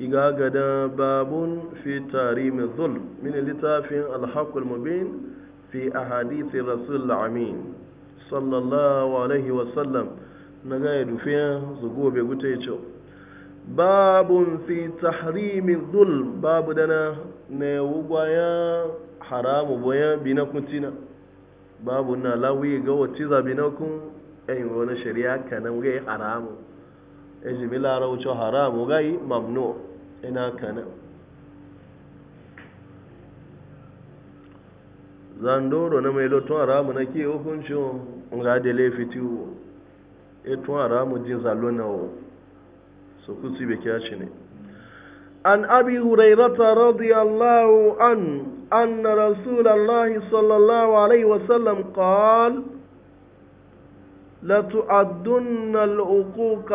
iga gada babun fi tarimin zul min littafin alhaqul mubin fi ahadithi rasul amin sallallahu alaihi wasallam na gaya dufiya su gobe gutai cewa babun fi mai zul babu dana na wugwaya haramu boya binakun tina babu na lawi ga wacce za binakun kun ɗayin wani shari'a kanan gai haramu ejimila rauce haramu gai mamnu ina kana zandoro na mai lotun haramu na ke hukuncin ga da laifitiwo etun haramu jin zalonawo su kusi bai kyashi ne an abi hurairata radiyallahu an أن رسول sallallahu alaihi wasallam عليه وسلم قال ila العقوق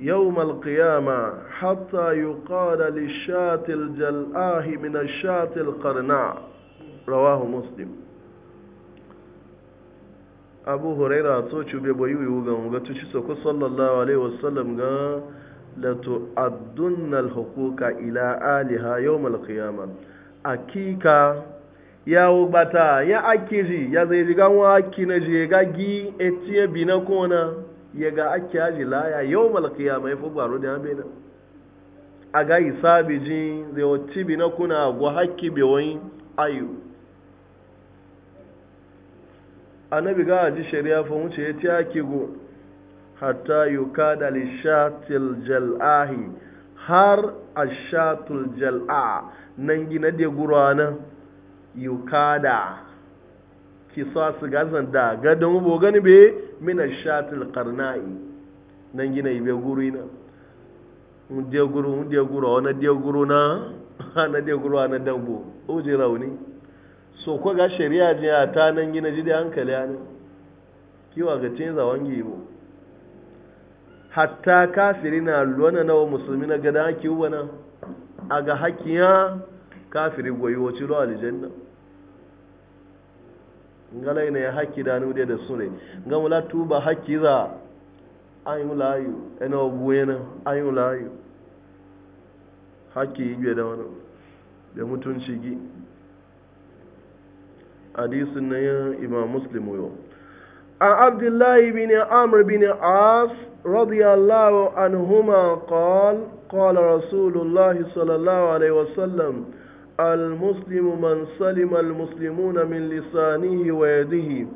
يوم القيامة حتى يقال للشاة الجلآه من الشاة القرناء رواه مسلم abu huraira so cube bai yiwu ga mugatu shi soko sallallahu alaihi wasallam ga lato addunnal hukuka ila aliha yawmal qiyama akika ya ubata ya akiri ya zai riga wa akina je ga gi etie bina kona ya ga ake yaji laya yau malakiya mai fugbaro da yabe na a ga sabi ji zai wacce bi na kuna gwa haƙƙi bewon ayu annabi ga ji shari'a fa wuce ya tiya ke go hatta ka li jal'ahi har shatul jal'a nan gina de gurana Ki kisa su gazan da gadon bo gani mina shatil karnai nan gina ibe guru ina mun je guru mun je guru wani je guru na na je guru na dambo o je rauni so ko ga shari'a je a ta nan gina ji da hankali ana kiwa ga cin zawon bo hatta kafiri na luwana na musulmi na gada haki wana a ga hakiya kafiri goyi wacin ruwa aljanna ngalai ne haki da nude da sure ngamula tuba haki za ayu layu eno buena ayu layu haki igwe da wani da mutunci gi hadisin na yin imam muslim yo an abdullahi bin amr bin as radiyallahu anhuma qal qala rasulullahi sallallahu alaihi wasallam المسلم من سلم المسلمون من لسانه ويده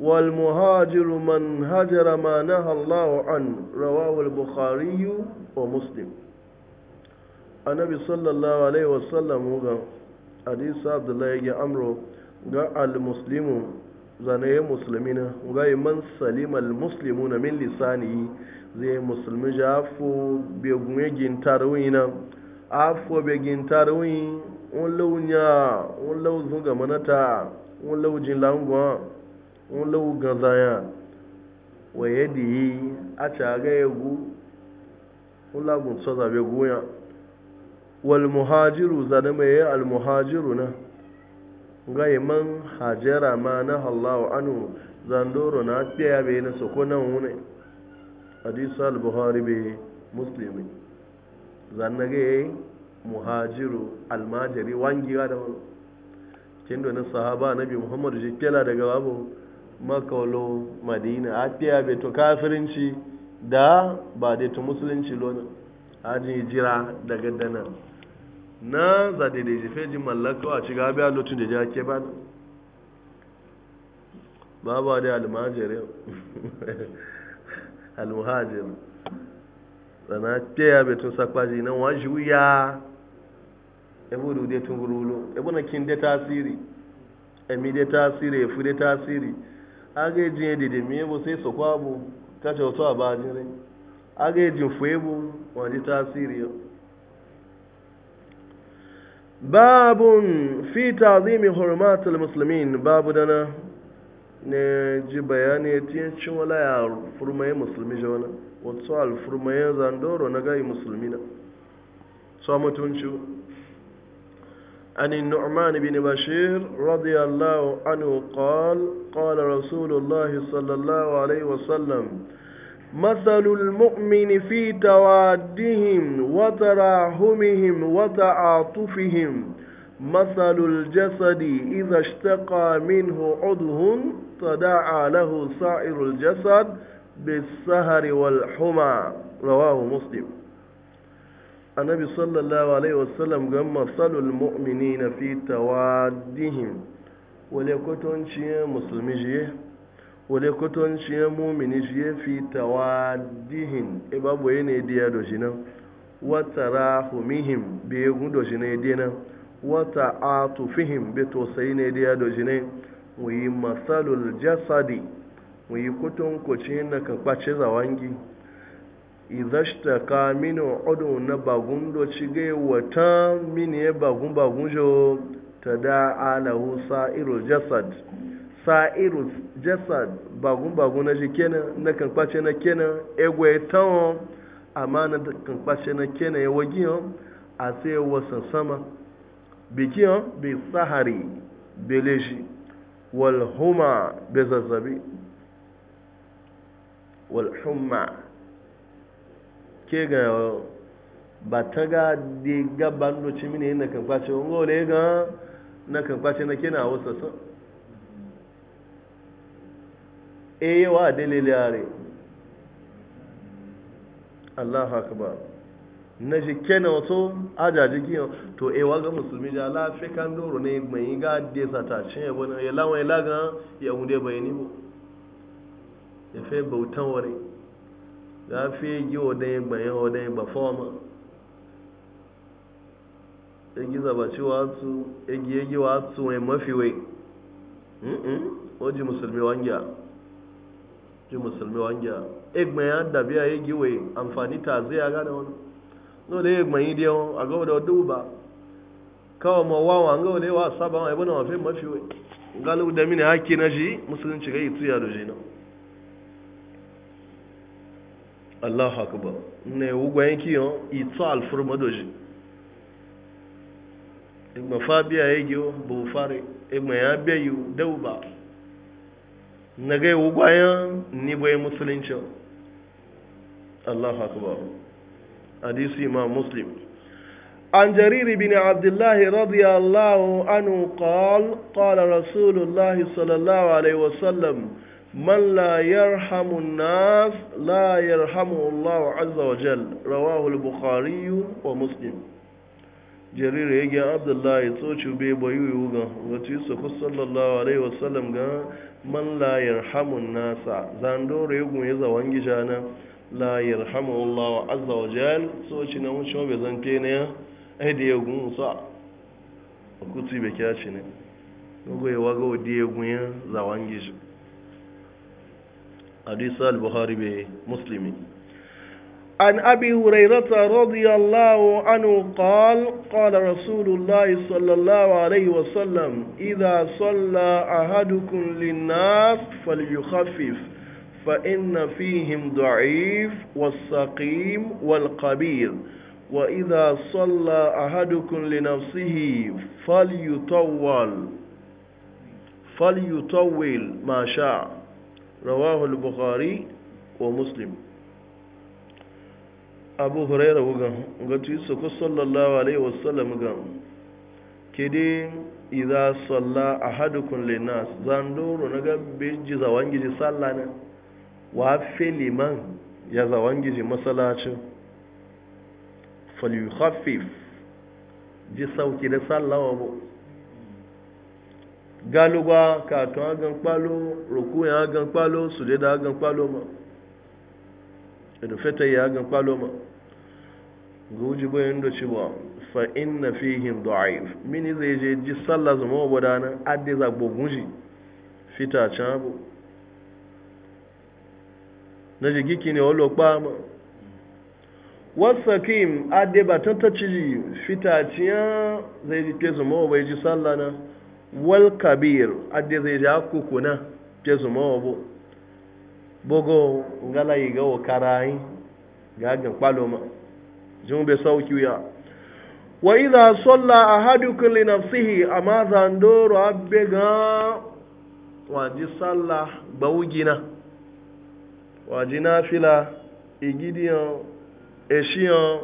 والمهاجر من هجر ما نهى الله عنه رواه البخاري ومسلم النبي صلى الله عليه وسلم حديث عبد الله يجي أمره قال المسلم زنه مسلمين gai من سلم المسلمون من لسانه زي مسلم جافو بيقوم egin tarwina afo begin tarwin wọn lọ́wọ́ nya wọn lọ́wọ́ zun gamanata wọn lọ́wọ́ jinlangwa wọn lọ́wọ́ ganzanya waye da yi a caga ya gu wọn lagun tsaza bai goya wal muhajiru zane mai yi al muhajiru na gai man hajjara ma na halawa anu zandoro na kpeya bai na soko na wuni hadisa al-buhari bai muslimi zanna ga muhajiru almajiri wangiwa da wani kin da sahaba nabi muhammadu jikela daga babu makaulo madina a fiya bai to kafirinci da ba dai to musulunci lona hajji jira daga dana na zade da jefe ji mallaka a shiga biya lotun da jake ba ba ba dai almajiri almuhajir sana fiya bai to sakwaji nan wajuya ebe da ude tungurulu ebe na kin tasiri emide tasiri efude tasiri aga eji edede mi ebu sai so kwa bu ta ce wato aba jire aga eji fu ebu wa de tasiri yo babun fi ta'zimi hurmatul muslimin babu dana ne ji bayani tin cin wala ya furmaye musulmi jona wato al zandoro na gai musulmina so عن النعمان بن بشير رضي الله عنه قال قال رسول الله صلى الله عليه وسلم مثل المؤمن في توادهم وتراحمهم وتعاطفهم مثل الجسد إذا اشتقى منه عضو تداعى له سائر الجسد بالسهر والحمى رواه مسلم annabi sallallahu alaihi wasallam ga masalul mu'mini na fi tawaddihim wale kwatanciyar musulmi shiye wale kwatanciyar mu'mini shiye fi tawaddihim e babu yana idiya da shi nan wata rahumihim bi ya gudu shi na idiya nan wata atufihim bi tosai na idiya da shi ne wuyi masalul jasadi wuyi kwatankwacin na kakwace zawangi izashta ka mini odo na bagun do cige wata mini ya e bagun bagun jo ta da alahu sa'iru jasad sa'iru jasad bagun bagun na ji kenan na kan kwace na kenan egwe tawon amma na kan kwace na kenan ya e wagi yon a sai e wasan sama biki yon bi sahari beleji wal huma bi wal huma ke ga ba ta ga di gaban doci mini na kan kwace wani wale ga na kan kwace na kena e a wasu sun e yawa dalili yare Allah ba na shi kena wato ajaji giyo to e waga musulmi da lafi kan doro ne mai ga de sata cin ya wani ya lawan ya laga ya hunde bayani mu ya fe bautan wani ga fi gi wadai ba ya wadai ba foma ya e gi zaba ci watsu ya e gi e gi watsu mai mafi wai oji musulmi wangiya ji musulmi wangiya egbe ya dabi a ya gi wai amfani ta zai ya gane wani no da egbe yi dai a gaba da duba kawo ma wawa ga wadai wa saba wa ibana mafi mafi wai galu da mini haki na shi musulunci ga yi tuya da shi na allahu akbar ne wugwayen yon ito alfurma doji igba fabiya ya giyo bu fari igba ya biya yi dau ba na ga gai wugwayen ni bu yi musulunci allahu akbar hadisi imam muslim عن جرير بن عبد الله رضي الله عنه قال قال رسول الله صلى الله عليه وسلم man la yarhamu nas la yarhamu Allah azza wa jal rawahu al-bukhari wa muslim jarir yage abdullah ya tsoci be bayu yuga wati su ku sallallahu alaihi wasallam ga man la yarhamu nasa zando regun ya zawan gijana la yarhamu Allah azza wa jal tsoci na mun shobe zanke ne ai da yagun kuti be kyaci ne gogo ya wago da yagun ya zawan gijana حديث البخاري بمسلم عن أبي هريرة رضي الله عنه قال قال رسول الله صلى الله عليه وسلم إذا صلى أحدكم للناس فليخفف فإن فيهم ضعيف والسقيم والقبيل وإذا صلى أحدكم لنفسه فليطول فليطول ما شاء rawahul bukhari wa muslim abu huraira wugan ga tuyi ku sallallahu alaihi wasallam gan kidi idza salla ahadukum linnas zanduru naga biji zawangiji sallana wa filiman ya zawangiji masallacin falyukhaffif ji sauki da sallawa galuwa katon agan kpalo roku ya agan kpalo sude da agan kpalo ma edo feta ya agan kpalo ma ga uji bayan da ci ba fa inna fihim da'if mini zai je ji sallah zama wa bodana adde za gbogun shi fita can abu na je giki ne wani pa ma wasa kim adde ba tantacci fita ciyan zai ji ke zama wa bai ji sallah na wal kabir adde zai ja kukuna ke zuma wabo bogo ngala yi ga wakarai ga gan paloma jun be sauki ya wa idha a ahadukum li nafsihi amma zandoro abbe ga waji salla bawugina waji nafila igidiyan eshiyan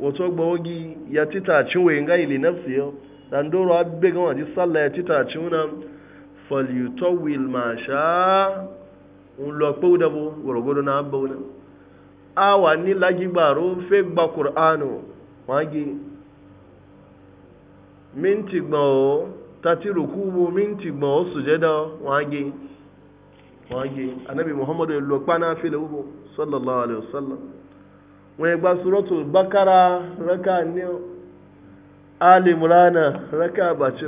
wato gbawogi ya tita cinwe nga ili nafsi yau dan doro abbe ga sallah ya tita ci una falyutawil ma sha un lo pe da bo gorogodo na abba una awa ni lagi gbaro fe gba qur'anu wagi minti gbon o tati rukubu minti gbon o sujeda wagi wagi anabi muhammadu lo na fi le sallallahu alaihi wasallam wọn gba suratul bakara raka ni o ali murana raka ba ce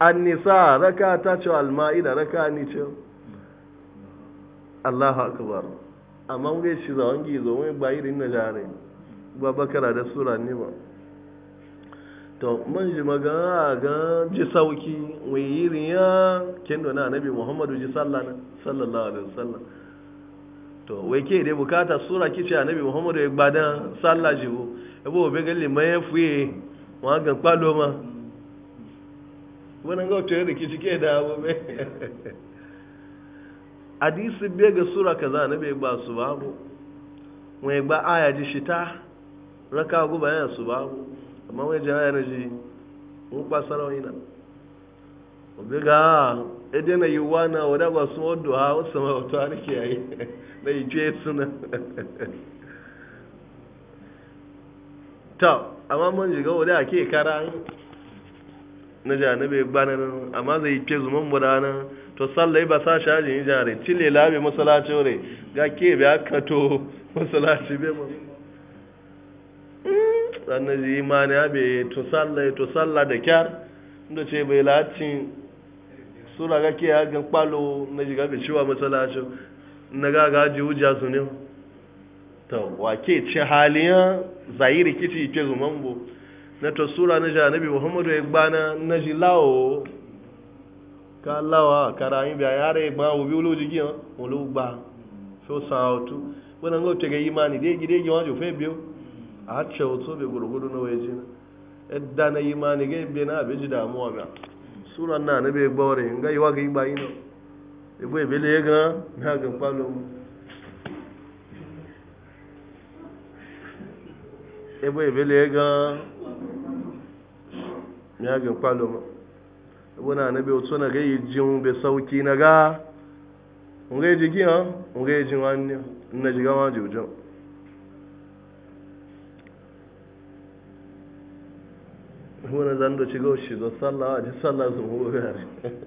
annisa raka ta ce alma'ida raka ni ce allahu akbar amma mun shi zawon gizo mai bayi din na jare ba bakara da sura ne to man ji magana ga ji sauki mai yiri ya kendo na nabi muhammadu ji sallallahu alaihi wasallam to wai ke dai bukata sura kice annabi muhammadu ya gbadan sallah jibo ebo be galli mai fuye wọn gan kpalo ma wani ga tuyo da kici ke da abu mai hadisi bai ga sura kaza na bai gba su babu wani gba ayaji shita raka guba yana su babu amma wani jana yana ji mun kwasa na obi ga ede na yiwuwa na wadagwa sun wadda ha ọtọ ha wata harke yayi na yi suna ta amma mun ji gawo da ake kara na janabe banan amma zai ke zuman murana to sallai ba sa shaji ni jare cile labe masalaci re ga ke bi aka to masalaci be mu hmm, dan ji imani abe to sallai to salla da kyar inda ce bai lati sura ga ke ga kwalo na ga bai ciwa masalaci na ga ga hujja su ne ta wake ce haliya zahiri kici ke zuman bu na ta sura na janabi muhammadu ya gbana na ji lawo ka lawa kara yin biya yare ma obi oloji giyan olugba so san otu wọn ngo tege imani de gide gi wajo fe biyo a ce otu be gurgudu na waje na edda na imani ge be na be ji damuwa ba sura na na be gbore ngai wa ga ibayi no ebo ebele ga na ga palo mu ebe ebele ga ya ga kwalo ma ebe na anabi otu na ga yi jin be sauki na ga nga eji gị ha nga eji nwanne nne ji gawa ji ụjọ na zan da shiga shi da sallah a ji sallah su mu wurare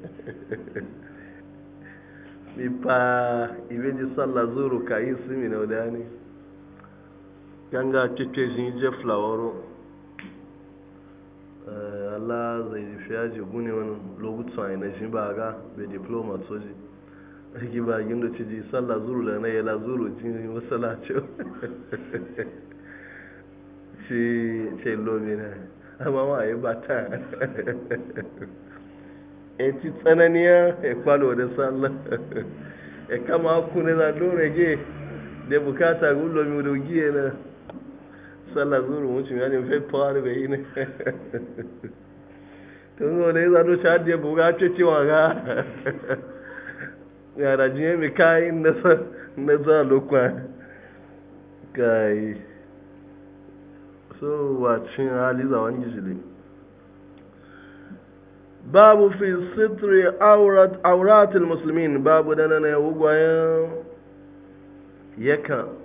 mi pa ibe ji sallah zuru ka yi simi na wadani yanga tete zin je flawaro eh, ala zai ji fiya ji gune wani lokutan a na shi ba ga bai diploma soji ake ba gin da ji sallah zuru da na yala zuru jin masalacin ci ce lomi na amma ma a ba ta e ci tsananiya e kwalo da sallah e kama haku ne za dore ge da bukata gullo mai dogiye na sallah zuru mun cin yajin fai fara bai yi ne tun zo ne ya zano shi hadiya buga ce cewa ga yara jiye mi kai na za lokwa kai so wa cin za wani jili babu fi sitri aurat musulmin babu da na na yawugwayen yakan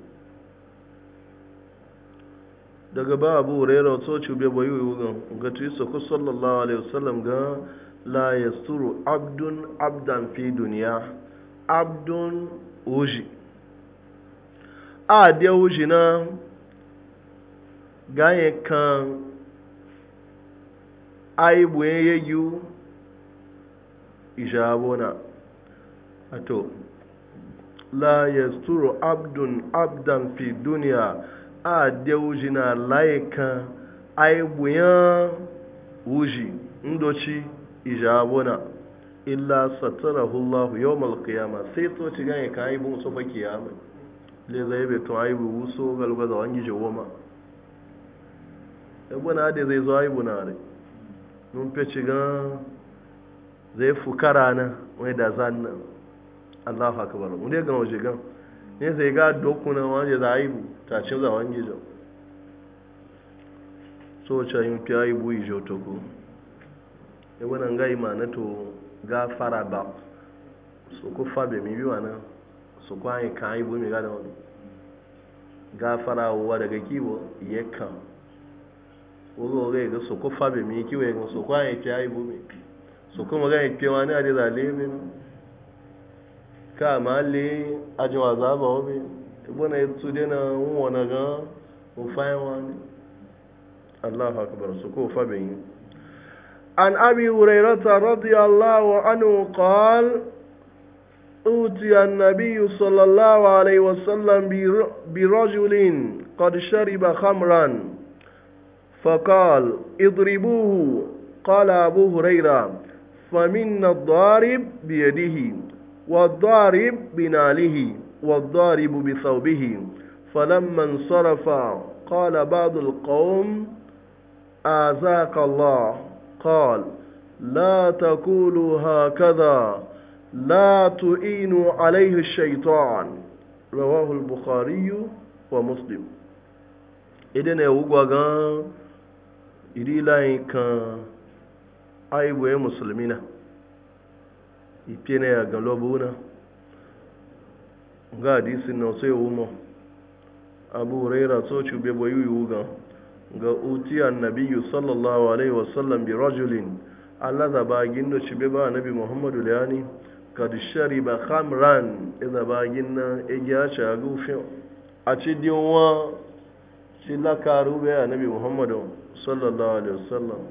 daga ba abu hurairah to cube bayi wuga ga tuiso ku sallallahu alaihi wasallam ga la yasturu abdun abdan fi duniya abdun uji a dia uji na ganye kan aibu yeyu ijabona ato la yasturu abdun abdan fi duniya a de wuji na laika aigbuyan wuji ndoci ijabuna illa satarahullahu yawmal qiyama sai to ci ganye ka aibu musu fa kiyama le zai be to aibu so galba da wangi jawoma ebona de zai zo aibu na re nun pe ci ga zai fukara na wai da zanna Allahu akbar mun dai ga waje ga ne zai ga dokuna waje da aibu tacin zawon gizo soca yin fiye buyi jotoko iwanan e gai ma na to gafara ba su ku fabe mi biwa na su kwaye kan yi bumi gada wani gafara wa daga kiwo ya kan wuro rai ga su ku fabe mi kiwo ya su kwaye fiye bumi su kuma gai fiye wani a da zale min ka ma le ajiyar zaba wani tubana يتصدينا هو نجا wana ga ufayin wani Allah akbar su ko fa bin an abi hurairata أوتي النبي صلى الله عليه وسلم برجل قد شرب خمرا فقال اضربوه قال أبو هريرة فمنا الضارب بيده والضارب بناله والضارب بثوبه فلما انصرف قال بعض القوم آذاك الله قال لا تقولوا هكذا لا تعينوا عليه الشيطان رواه البخاري ومسلم idan ya wugwa gan iri layin kan aibuwe musulmina ife na ya gan lobuna ga hadisin na sai umar abu raira so cube bai yiwu ga ga uti annabiyu sallallahu alaihi wasallam bi rajulin allah da bagin da cube ba nabi muhammadu liyani kad shariba khamran e ba bagin na e a ci a gufin a ci dinwa ci lakaru bai annabi muhammadu sallallahu alaihi wasallam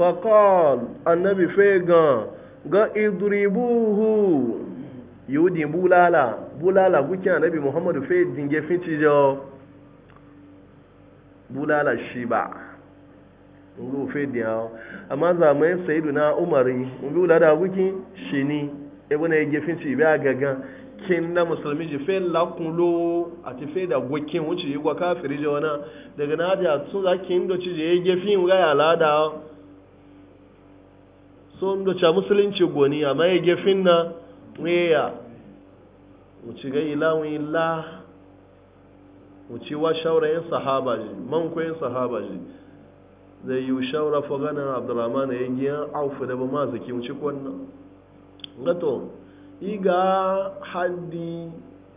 faqal annabi fegan ga idribuhu yudin bulala bulala gukin annabi muhammadu fai dinge finci jo bulala shi ba ngu fai diya amma zamanin sayidu na umari ngu da gukin shi ni ebe na yage finci bi a gagan kin na musulmi ji fai lakunlo a ti fai da gukin wuce yi gwa kafiri na daga na da sun za kin do ci je yage fin ga ya lada so ndo cha musulunci goni amma yage fin na weya wuce ga ilawun illa wuce wa shaurayin sahaba ji man kwayin sahaba ji zai yi shaura faganin abdurrahman ya giya aufu da ba ma zaki wuce kwanan gato iga haddi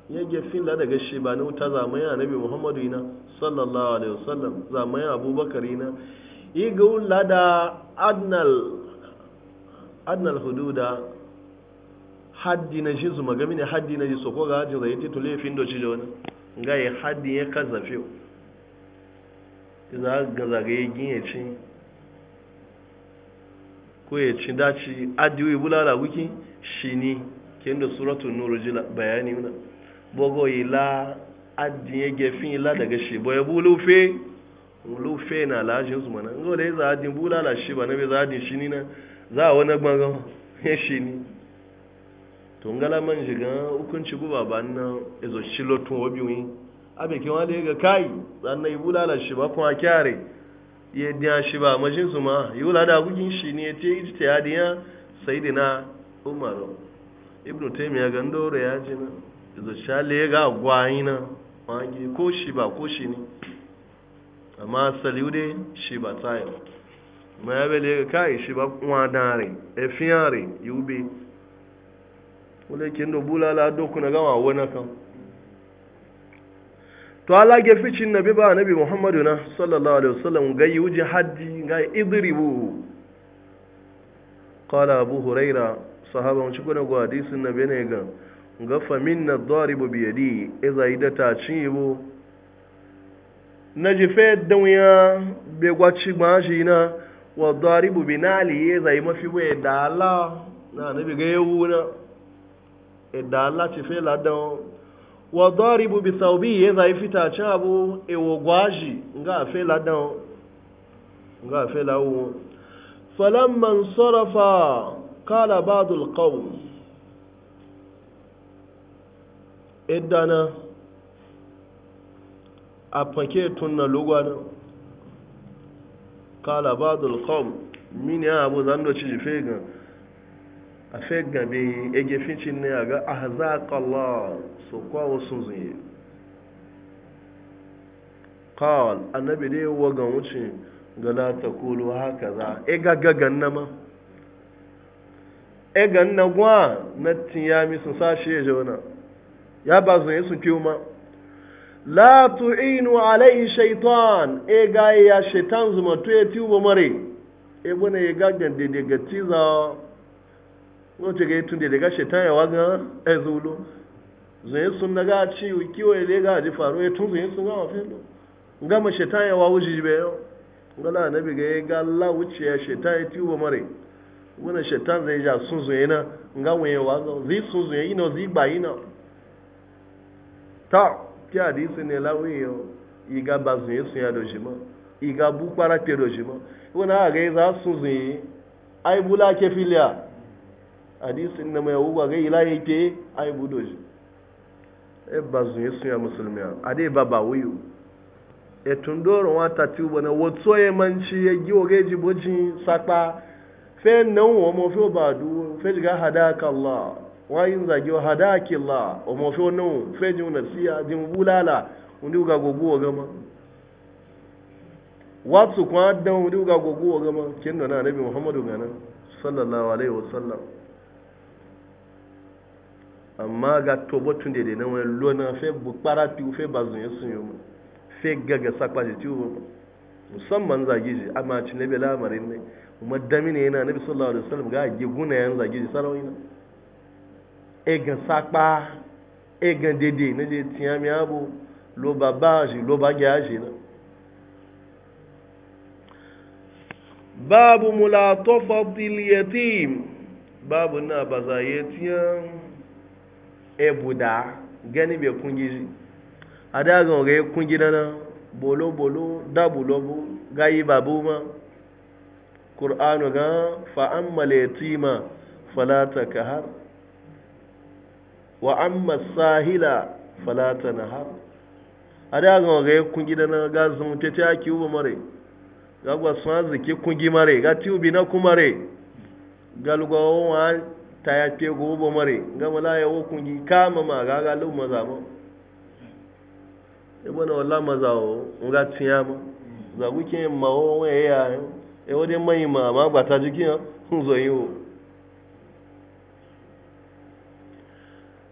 ya fin la daga shi ba zamani a nabi muhammadu ina sallallahu alaihi wasallam zamani abubakar ina iga wula da adnal adnal hududa haddi na shi su magami ne haddi na ji so ko ga hajji zai titu laifin doci da wani ga ya haddi ya kaza fiyo za ga zagaye gin ci ko ya ci daci adiwi bulala wuki shi ni ke inda suratun nuru ji bayani wuna bogo yi la adi ya yi la daga shi bo ya bulufe bulufe na lajin su mana ngole za adin bulala shi ba na bai za adin shi ni na za a wani gbangan ya shi ni tungala man shiga hukunci guba ba na izo shi lotun wabi wi abe ke wale ga kai sannan ibu lala shi ba kuma kyare ya diya shi ba su ma yi wula da gugin shi ne te yi ya yadiya sai na umaru ibn taimiyya ga ya ji na izo shale ga gwayi na wangi ko shi ba ko shi ne amma saliude shi ba tsayin ma ya bele ga kai shi ba kuma dare e wale kin do bulala doku na gama wona kan to ala ge ficin nabi ba nabi muhammadu na sallallahu alaihi wasallam ga yuji haddi ga idribu qala abu huraira sahaba mun cikuna go hadisin nabi ne ga ga fa minna daribu bi yadi idza idata chibu naji fe dunya be gwachi gbashi na wa daribu bi nali idza mafi we dala na nabi ga yawuna da Allah ci fe ladan wa daribu bi thawbi ya zai fita ci abu e wo gwaji nga fe ladan nga fe lawo falamman sarafa kala ba'd alqawm idana a fake tunna lugwana kala ba'd alqawm min ya abu do ci fe gan a gabe ege fincin ne ya ga ahzaqallah so kwawo sun zuye qal annabi dai waga wuce ga kulu haka za e gaggagan na ma e gan na gwa na tiya mi sun sashi ya jona ya ba zun yi sun kiwo ma la inu alai shaitan e ga ya shaitan zuma tuye ya tiwo mare e bune ya ga daidai ga tizawa ngoce ga tun da daga shaitan ya waga ezulo zai sun naga ci kiwo ya ga ji faru ya tun zai sun ga wafin ma shaitan ya wawu ji yo ga la nabi ga ga la wuce ya shaitan ya tiwo mare wannan shaitan zai ja sun zai na ga waye waga zai sun zai ino zai ba ina ta ti hadisi ne lawe yo iga bazun yesu ya doji ma iga bu para pe doji ma wannan ga za sun zai ai bula ke filia hadisin na mai wuwa ga ila yake ai budoji e ba zun yesu ya musulmi a dai ba ba wuyu e tun doron wata ti ubo na wotso ye manci ye giwo ga ji boji sapa fe nan wo mo fe ba du fe ga hadaka allah wa yin zagi wa hadaki allah o mo fe nan fe ji na siya ji bulala undi ga gogo gama watsu kwa dan undi ga gogo gama kin da na nabi muhammadu ganan sallallahu alaihi wa sallam. amma ga tobo tun da na wani lona fe bukpara tiwu fe ba zunye sun yi fe gaga sakpa da tiwu musamman zage shi amma ci na bela marin ne kuma dami ne yana nabi sallallahu alaihi wasallam ga age guna yan zage shi sarawai na e ga sakpa e ga dede na je tiya mi abu lo ba ba shi lo ba ga shi na babu mulatofatil yatim babu na bazaye tiyan ebuda gani be kungi ada ga ga kungi na bolo bolo da bolo bu gayi babu ma qur'anu ga fa ammal yatima fala takhar wa amma sahila fala tanhar ada ga ga kungi na ga sun tete aki ubo mare ga gwa sun azike kungi mare ga tiubi na kumare galugwa wa ta ya fiye gobe mare gama la yawo kungi kama ma ga lu maza ma e bona wala maza o nga tiya ma za guke ma o we ya e wode mai ma ma ba ta jiki ha zo o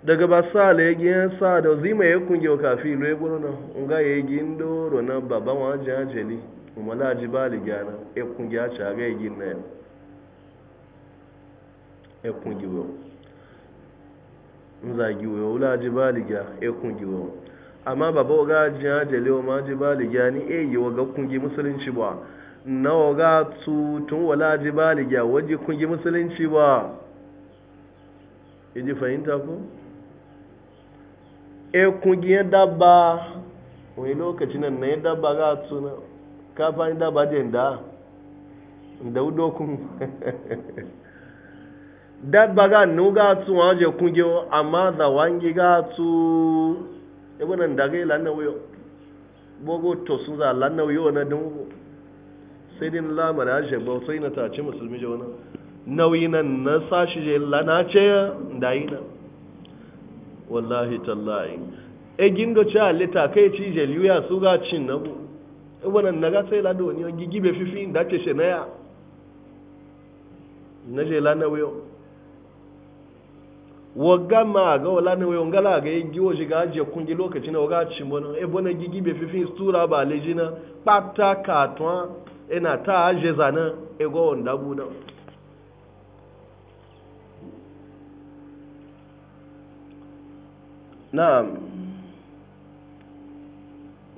daga ba sa le gi sa da zima ya kungi o kafi lo e bona na nga ye gi ndoro na baba wa jajeli umala jibali gana e kungi a cha ga gi na ya E kungi giwe nza giwe wula ji baliga kungi giwe amma baba ga ji o ma ji baliga ni e yi ga kungi musulunci ba na wa ga tu tun wala ji baliga waje kungi musulunci ba ji fahimta ko e kungi ya daba wani lokacin nan na ya dabba ga tu na kafa daba dabba da da udokun dabba ga nu ga tu wa je kunge amma da wangi ga tu e wannan da la lan nawo bogo to su za lan nawo yo na dun sai din la mara je ba sai na ta ce musulmi je wannan nauyi nan na sashi je na ce da yi na wallahi tallahi e gindo ce alita kai ci je liya su ga cin na bu e wannan na ga sai la do ni fifi da ce she na ya na je lana wo wagga ma ga wala ne wayo ngala ga yi woji ga ajiye kungi lokaci na waga ci mona e bona gigi be fifin sura ba lejina pata katwa e na ta aje zana e go onda buna na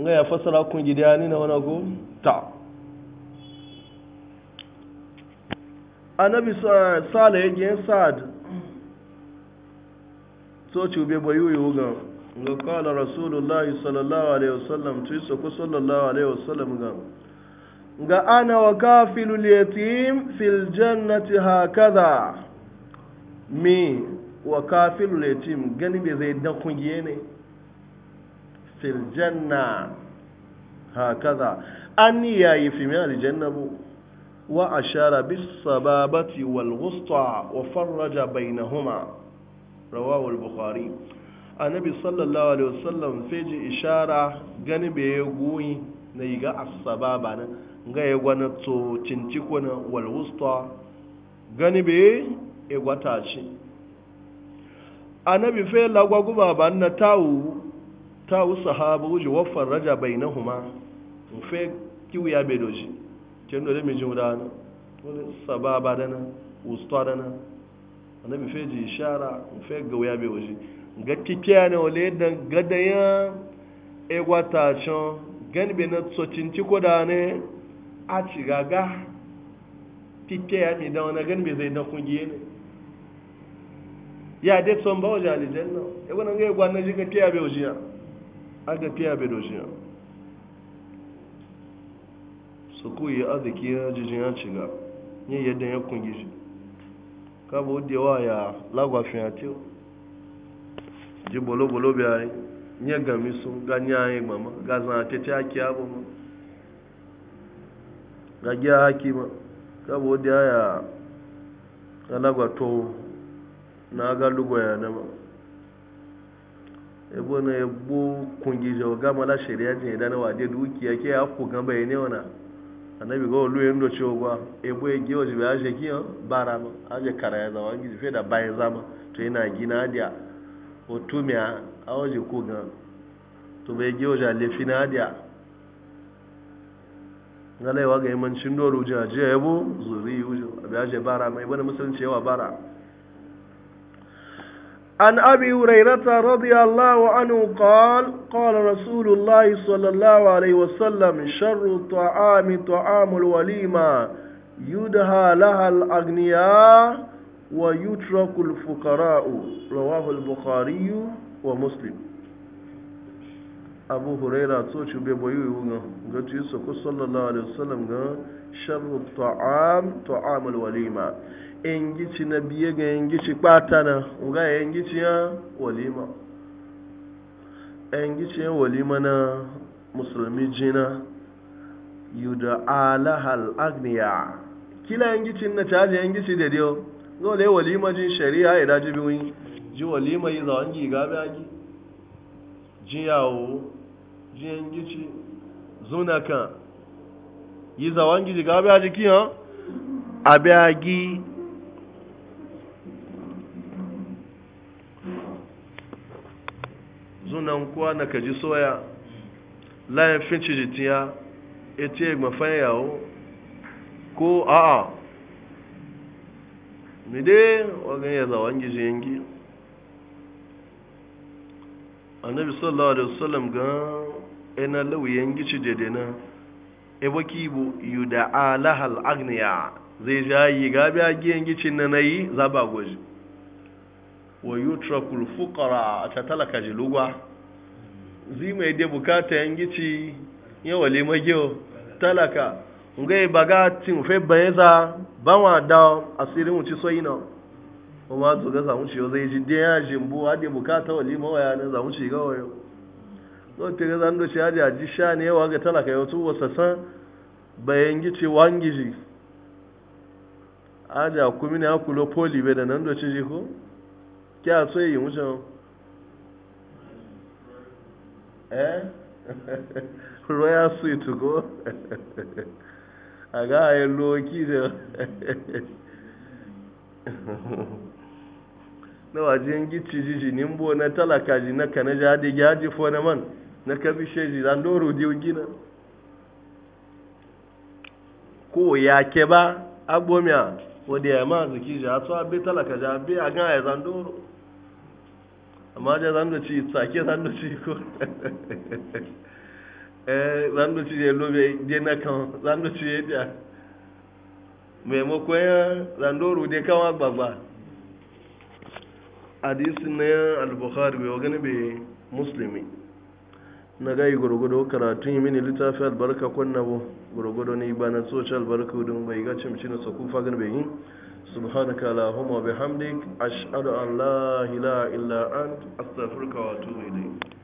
nga ya fasara kungi da ni na wana go ta annabi sallallahu alaihi wasallam sa'ad so ci bai bayu yiwu ga ga kala rasulullahi sallallahu alaihi wasallam ci so ku sallallahu alaihi wasallam ga ga ana wa kafilul yatim fil jannati hakaza mi wa kafilul yatim gani bai zai dan kungiye ne fil janna hakaza an yayi fi min aljanna bu wa ashara bis sababati wal wusta wa farraja bainahuma rawawul bukhari annabi sallallahu alaihi wasallam sai ji ishara gani bai ya goyi na yi ga asaba ba na ga ya gwana to cinciko na walwusta gani bai ya gwata shi annabi fai lagwaguma ba na sahabu ji wafan raja bai na huma dana wanda mi fe ji ishara mi fe ga wuya bai waje ga kikiya ne wale da gadaya egwata can gani bai na so cin-cin ciko da ne a ci gaga kikiya mi da wani gani bai zai na kungiye ne ya dai son ba waje alijanna e wannan ga egwa na ji ga kiya bai waje a ga kiya bai waje su ku yi arziki ya jijin ya ci ga yadda ya kungi shi o udewa ya lagwafin ya o ji bolo-bolo biya nye gami sun ganye anyị mama ga zan atete aki abu ma ga giya aki ma o udewa ya alagwatowo na aga lugwa ya nama ebe na egbo kungiyar gama la shari'a jin idanarwa da dukiya ke ya ku gaba ya ne wana annabi ga olu yin doce ogwa ebo egi oji bai aje kiyo bara no aje kara ya zama gizi fe da bayan zama to yana gina adiya o tumiya a oji ko gan to bai egi oji alefi na adiya ngalaiwa ga imancin doro uji ajiya yabo zuri uji bai aje bara mai bane musulunci yawa bara عن أبي هريرة رضي الله عنه قال قال رسول الله صلى الله عليه وسلم شر الطعام طعام الوليمة يدهى لها الأغنياء ويترك الفقراء رواه البخاري ومسلم abu huraira to ci bai bayu yiwu ga gaci yusuf sallallahu alaihi wasallam ga sharru ta'am ta'amul walima engici na biye ga engici kpata na nga engici ya walima engici ya walima na musulmi jina yuda alahal agniya kila engicin na caji engici da dio ga wale walima jin shari'a ya daji biyu ji walima yi zawon gi gabi agi ji yawo ji engici zunaka yi zawon gi gabi agi kiyan abi agi zunan kuwa na kaji soya layan finci jitiya eti egbafan yawo ko a'a mi dai wagan ya zawon gizi yangi annabi sallallahu alaihi wasallam ga ina lawi yangi ci dede na ebo kibo yuda'a lahal agniya zai jayi gabi agi giyan gicin na nayi zaba gwaji wa yutrakul fukara a ta talaka jiluwa zi mai dai bukata yan gici yawa limage talaka ngai baga tin fe bayeza ba wa da asirin ci soyi na kuma zo ga samu ci zai ji dai ya mbu, hade bukata wali mawaya ne zamu ci ga wayo to te ga zan do shi hade ji sha ne wa ga talaka yau tuwa sasan bayan gici wangiji aja kuma ne akulo poli be da nan do ci ji ko kí a tó èyí ń ṣan ẹ́ royal suit kó àgá ẹlò kí ṣe na ji na kana jadi gyaji na na ko ya ke ba agbomiya wadda ya ma zuki ji a tsawa bai talaka a a gan a amma da zan ci sake zan ci ko eh zan ci da lobe je na kan zan ci ya biya mai mako ya zan ru de kan agbagba hadisi na al-bukhari bai gani be muslimi na gai gurgudu karatun yi mini littafi albarka kwanna bu gurgudu ne ba na social barka don bai ga cimci na sakufa gani bai yi subhanaka la huma bihamdik ashhadu an la ilaha illa ant astaghfiruka wa